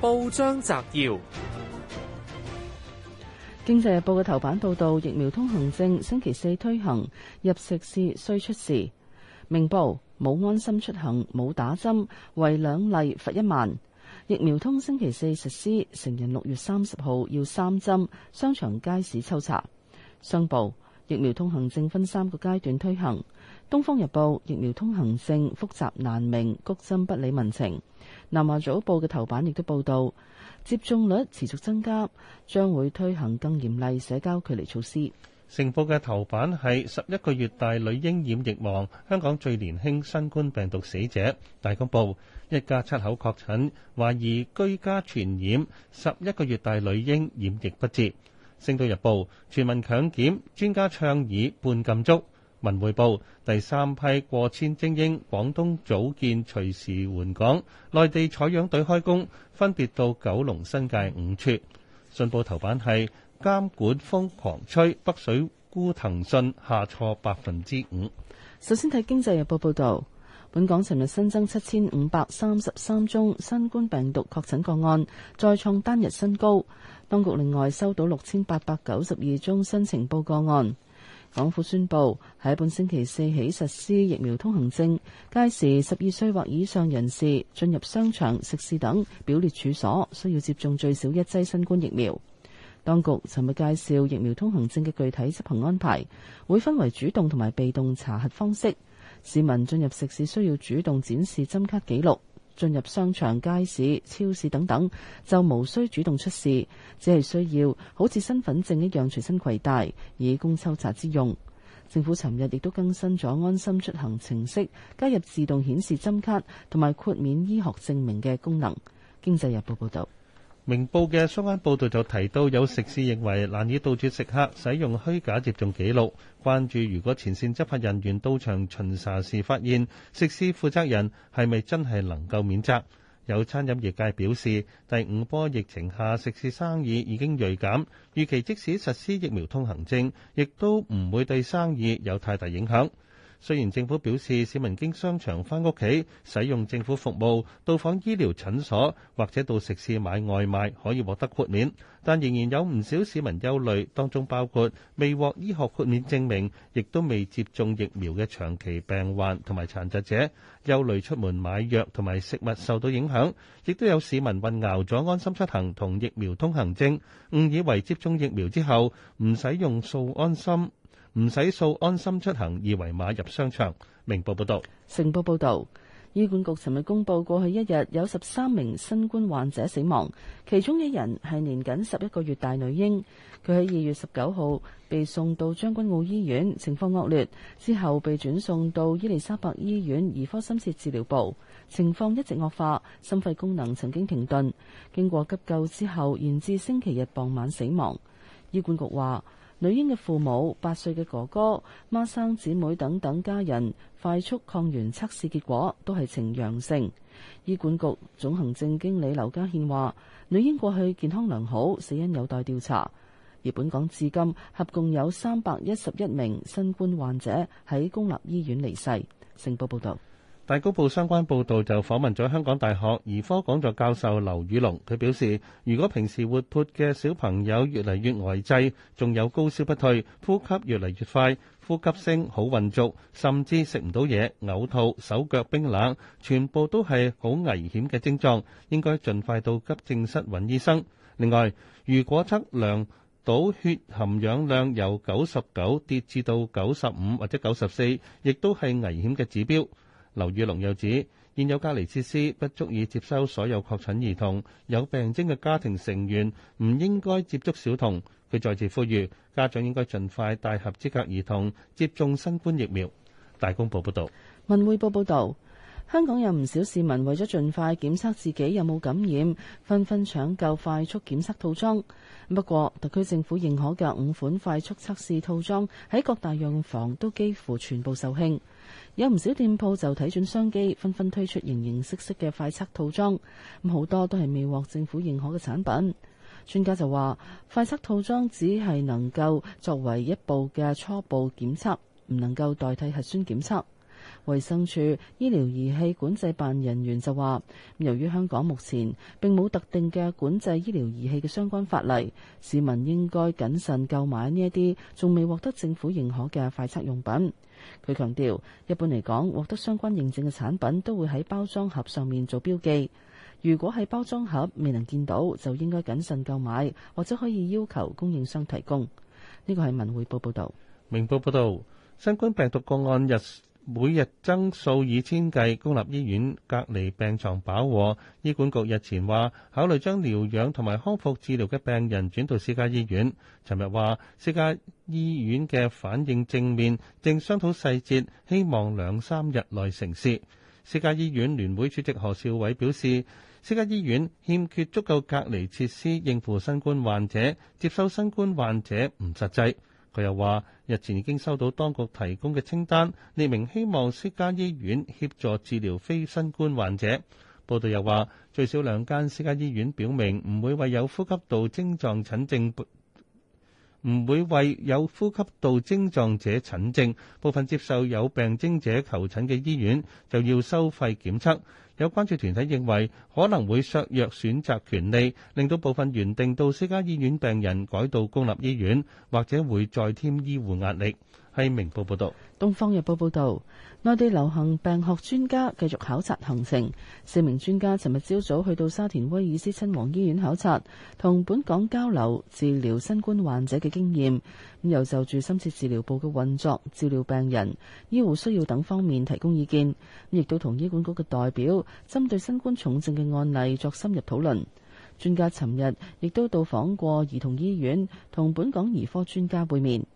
報章摘要：經濟日報嘅頭版報道，疫苗通行證星期四推行，入食肆需出示。明報冇安心出行冇打針，違兩例罰一萬。疫苗通星期四實施，成人六月三十號要三針，商場街市抽查。商報疫苗通行證分三個階段推行。《東方日報》，疫苗通行性複雜難明，谷針不理民情。南華早報嘅頭版亦都報道，接種率持續增加，將會推行更嚴厲社交距離措施。《成報》嘅頭版係十一個月大女嬰染疫亡，香港最年輕新冠病毒死者。大公報一家七口確診，懷疑居家傳染，十一個月大女嬰染疫不治。《星島日報》全民強檢，專家倡議半禁足。文匯報第三批過千精英廣東組建隨時援港，內地採樣隊開工，分別到九龍新界五處。信報頭版係監管風狂吹北水沽騰訊下挫百分之五。首先睇經濟日報報導，本港尋日新增七千五百三十三宗新冠病毒確診個案，再創單日新高。當局另外收到六千八百九十二宗申報個案。港府宣布喺本星期四起實施疫苗通行證，屆時十二歲或以上人士進入商場、食肆等表列處所，需要接種最少一劑新冠疫苗。當局尋日介紹疫苗通行證嘅具體執行安排，會分為主動同埋被動查核方式。市民進入食肆需要主動展示針卡記錄。進入商場、街市、超市等等，就無需主動出示，只係需要好似身份證一樣隨身攜帶，以供抽查之用。政府尋日亦都更新咗安心出行程式，加入自動顯示針卡同埋豁免醫學證明嘅功能。經濟日報報道。明報嘅相關報導就提到，有食肆認為難以杜絕食客使用虛假接種記錄，關注如果前線執法人員到場巡查時發現，食肆負責人係咪真係能夠免責？有餐飲業界表示，第五波疫情下食肆生意已經銳減，預期即使實施疫苗通行證，亦都唔會對生意有太大影響。雖然政府表示市民經商場返屋企，使用政府服務，到訪醫療診所，或者到食肆買外賣，可以獲得豁免。但仍然有唔少市民憂慮，當中包括未獲醫學豁免證明，亦都未接種疫苗嘅長期病患同埋殘疾者。憂慮出門買藥同埋食物受到影響，亦都有市民混淆咗安心出行同疫苗通行證，誤以為接種疫苗之後唔使用素安心，唔使掃安心出行二維碼入商場。明報報道，《成報》報道，醫管局尋日公佈，過去一日有十三名新冠患者死亡，其中一人係年僅十一個月大女嬰。佢喺二月十九號被送到將軍澳醫院，情況惡劣，之後被轉送到伊利沙伯醫院兒科深切治療部，情況一直惡化，心肺功能曾經停頓，經過急救之後，延至星期日傍晚死亡。醫管局話，女嬰嘅父母、八歲嘅哥哥、孖生姊妹等等家人，快速抗原測試結果都係呈陽性。醫管局總行政經理劉家憲話，女嬰過去健康良好，死因有待調查。而本港至今合共有三百一十一名新冠患者喺公立醫院離世。成報報道。大公報相關報導就訪問咗香港大學兒科講座教授劉宇龍，佢表示：如果平時活潑嘅小朋友越嚟越呆滯，仲有高燒不退、呼吸越嚟越快、呼吸聲好混濁，甚至食唔到嘢、嘔吐、手腳冰冷，全部都係好危險嘅症狀，應該盡快到急症室揾醫生。另外，如果測量到血含氧量由九十九跌至到九十五或者九十四，亦都係危險嘅指標。劉宇龍又指，現有隔離設施不足以接收所有確診兒童，有病徵嘅家庭成員唔應該接觸小童。佢再次呼籲，家長應該盡快帶合資格兒童接種新冠疫苗。大公報報道，文匯報報道，香港有唔少市民為咗盡快檢測自己有冇感染，紛紛搶購快速檢測套裝。不過，特區政府認可嘅五款快速測試套裝喺各大藥房都幾乎全部售罄。有唔少店鋪就睇準商機，紛紛推出形形色色嘅快測套裝。咁好多都係未獲政府認可嘅產品。專家就話，快測套裝只係能夠作為一步嘅初步檢測，唔能夠代替核酸檢測。衛生署醫療儀器管制辦人員就話，由於香港目前並冇特定嘅管制醫療儀器嘅相關法例，市民應該謹慎購買呢一啲仲未獲得政府認可嘅快測用品。佢強調，一般嚟講，獲得相關認證嘅產品都會喺包裝盒上面做標記。如果喺包裝盒未能見到，就應該謹慎購買，或者可以要求供應商提供。呢個係文匯報報道，明報報道，新冠病毒個案日每日增數以千計，公立醫院隔離病床飽和。醫管局日前話考慮將療養同埋康復治療嘅病人轉到私家醫院。尋日話私家醫院嘅反應正面，正商討細節，希望兩三日內成事。私家醫院聯會主席何少偉表示，私家醫院欠缺足夠隔離設施，應付新冠患者，接收新冠患者唔實際。佢又話：日前已經收到當局提供嘅清單，列明希望私家醫院協助治療非新冠患者。報道又話，最少兩間私家醫院表明唔會為有呼吸道症狀診症。唔會為有呼吸道症狀者診症，部分接受有病徵者求診嘅醫院，就要收費檢測。有關注團體認為，可能會削弱選擇權利，令到部分原定到私家醫院病人改到公立醫院，或者會再添醫護壓力。喺《明報》報道，《東方日報》報道，內地流行病學專家繼續考察行程。四名專家尋日朝早去到沙田威爾斯親王醫院考察，同本港交流治療新冠患者嘅經驗。咁又就住深切治療部嘅運作、治療病人、醫護需要等方面提供意見。亦都同醫管局嘅代表針對新冠重症嘅案例作深入討論。專家尋日亦都到訪過兒童醫院，同本港兒科專家會面。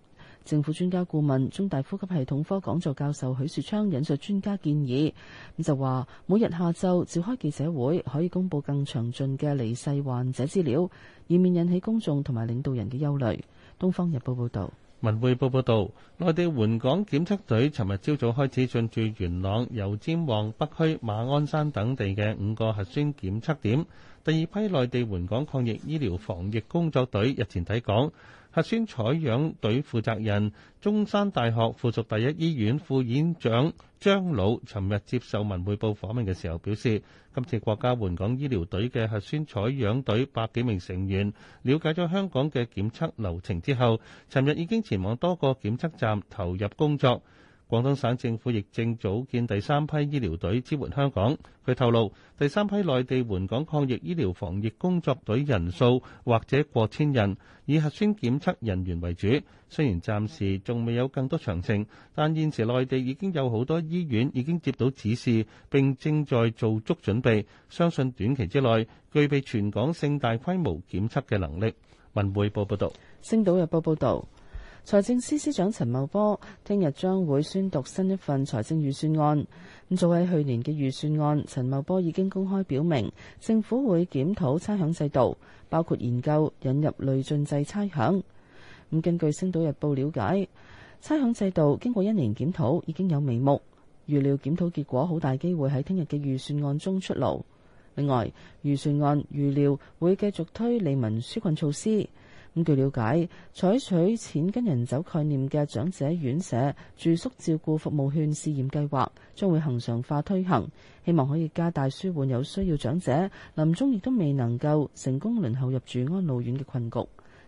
政府專家顧問、中大呼吸系統科講座教授許樹昌引述專家建議，咁就話每日下晝召開記者會，可以公佈更詳盡嘅離世患者資料，以免引起公眾同埋領導人嘅憂慮。《東方日報》報道。《文匯報》報道，內地援港檢測隊尋日朝早開始進駐元朗、油尖旺、北區、馬鞍山等地嘅五個核酸檢測點，第二批內地援港抗疫醫療防疫工作隊日前抵港。核酸採樣隊負責人、中山大學附屬第一醫院副院長張老，尋日接受文匯報訪問嘅時候表示，今次國家援港醫療隊嘅核酸採樣隊百幾名成員，了解咗香港嘅檢測流程之後，尋日已經前往多個檢測站投入工作。廣東省政府亦正組建第三批醫療隊支援香港。佢透露，第三批內地援港抗疫醫療防疫工作隊人數或者過千人，以核酸檢測人員為主。雖然暫時仲未有更多詳情，但現時內地已經有好多醫院已經接到指示，並正在做足準備。相信短期之內，具備全港性大規模檢測嘅能力。文匯報報道。《星島日報》報導。財政司司長陳茂波聽日將會宣讀新一份財政預算案。咁早喺去年嘅預算案，陳茂波已經公開表明政府會檢討差餉制度，包括研究引入累進制差餉。咁根據《星島日報》了解，差餉制度經過一年檢討，已經有眉目。預料檢討結果好大機會喺聽日嘅預算案中出爐。另外，預算案預料會繼續推利民紓困措施。咁、嗯、據了解，採取「錢跟人走」概念嘅長者院舍住宿照顧服務券試驗計劃將會恒常化推行，希望可以加大舒緩有需要長者臨終亦都未能夠成功輪候入住安老院嘅困局。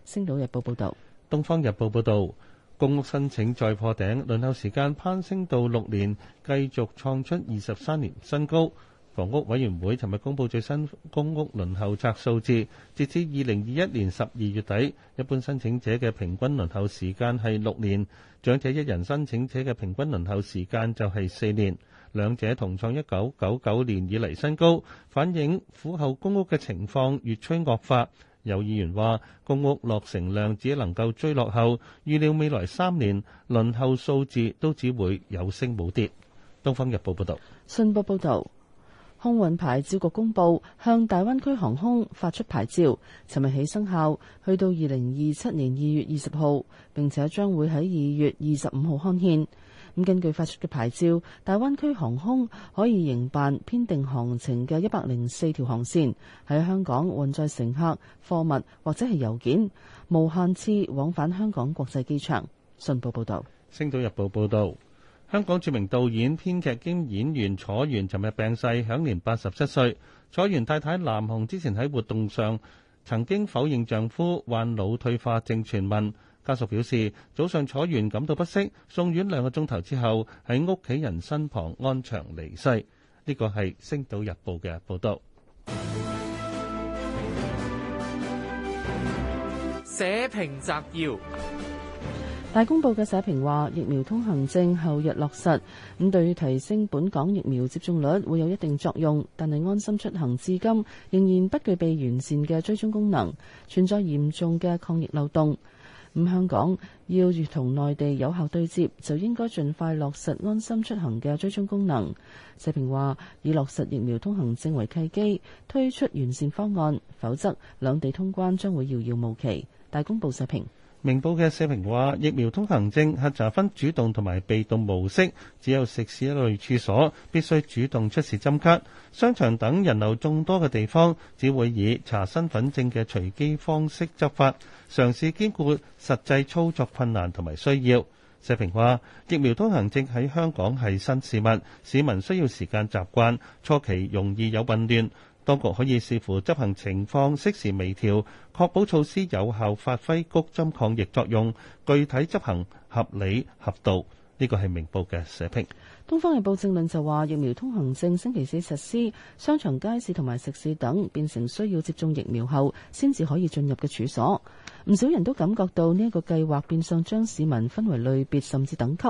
星島日報報道。東方日報報道，公屋申請再破頂，輪候時間攀升到六年，繼續創出二十三年新高。房屋委員會尋日公布最新公屋輪候冊數字，截至二零二一年十二月底，一般申請者嘅平均輪候時間係六年；長者一人申請者嘅平均輪候時間就係四年，兩者同創一九九九年以嚟新高，反映府後公屋嘅情況越趨惡化。有議員話公屋落成量只能夠追落後，預料未來三年輪候數字都只會有升冇跌。《東方日報》報道，新報報道。空運牌照局公布向大灣區航空發出牌照，尋日起生效，去到二零二七年二月二十號，並且將會喺二月二十五號刊憲。咁根據發出嘅牌照，大灣區航空可以營辦編定航程嘅一百零四條航線，喺香港運載乘客、貨物或者係郵件，無限次往返香港國際機場。信報報道，《星島日報》報道。香港著名導演、編劇兼演員楚原尋日病逝，享年八十七歲。楚原太太南紅之前喺活動上曾經否認丈夫患腦退化症傳聞。家屬表示，早上楚原感到不適，送院兩個鐘頭之後喺屋企人身旁安詳離世。呢個係《星島日報》嘅報導。社評摘要。大公報嘅社評話：疫苗通行證後日落實，咁對提升本港疫苗接種率會有一定作用，但係安心出行至今仍然不具備完善嘅追蹤功能，存在嚴重嘅抗疫漏洞。咁香港要同內地有效對接，就應該盡快落實安心出行嘅追蹤功能。社評話：以落實疫苗通行證為契機，推出完善方案，否則兩地通關將會遙遙無期。大公報社評。明報嘅社評話，疫苗通行證核查分主動同埋被動模式，只有食肆一類處所必須主動出示針卡，商場等人流眾多嘅地方，只會以查身份證嘅隨機方式執法，嘗試兼顧實際操作困難同埋需要。社評話，疫苗通行證喺香港係新事物，市民需要時間習慣，初期容易有混亂。當局可以視乎執行情況，適時微調，確保措施有效發揮，谷針抗疫作用。具體執行合理合度，呢、這個係明報嘅社評。《東方日報》正論就話，疫苗通行證星期四實施，商場、街市同埋食肆等變成需要接種疫苗後先至可以進入嘅處所。唔少人都感覺到呢一個計劃變相將市民分為類別甚至等級。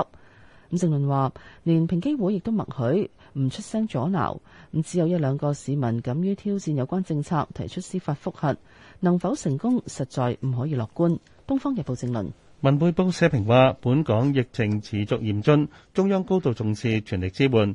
伍正倫話：，連平機會亦都默許，唔出聲阻撓，咁只有一兩個市民敢於挑戰有關政策，提出司法復核，能否成功，實在唔可以樂觀。東方日報正論，文匯報社評話：，本港疫情持續嚴峻，中央高度重視，全力支援。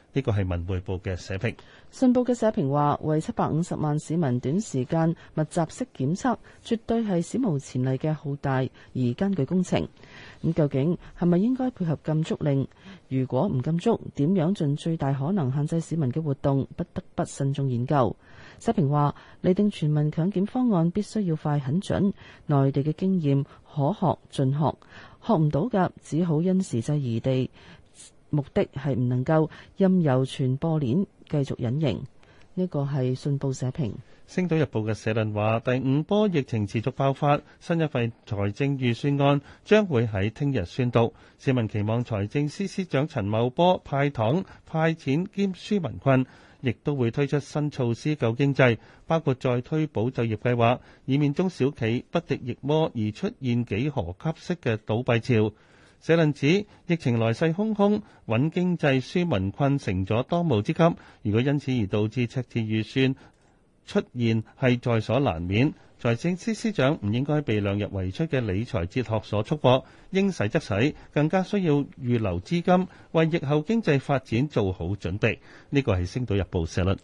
呢個係文匯報嘅社評，信報嘅社評話：為七百五十萬市民短時間密集式檢測，絕對係史無前例嘅浩大而艱巨工程。咁究竟係咪應該配合禁足令？如果唔禁足，點樣盡最大可能限制市民嘅活動，不得不慎重研究。社評話：擬定全民強檢方案必須要快很準，內地嘅經驗可學盡學，學唔到㗎，只好因時制宜地。目的係唔能夠任由傳播鏈繼續隱形，呢個係信報社評。《星島日報》嘅社論話：第五波疫情持續爆發，新一份財政預算案將會喺聽日宣讀。市民期望財政司司長陳茂波派糖派錢兼紓民困，亦都會推出新措施救經濟，包括再推保就業計劃，以免中小企不敵疫魔而出現幾何級式嘅倒閉潮。社論指疫情來勢洶洶，穩經濟、舒民困成咗當務之急。如果因此而導致赤字預算出現，係在所難免。財政司司長唔應該被量入為出嘅理財哲學所束縛，應使則使，更加需要預留資金，為疫後經濟發展做好準備。呢個係《星島日報》社論。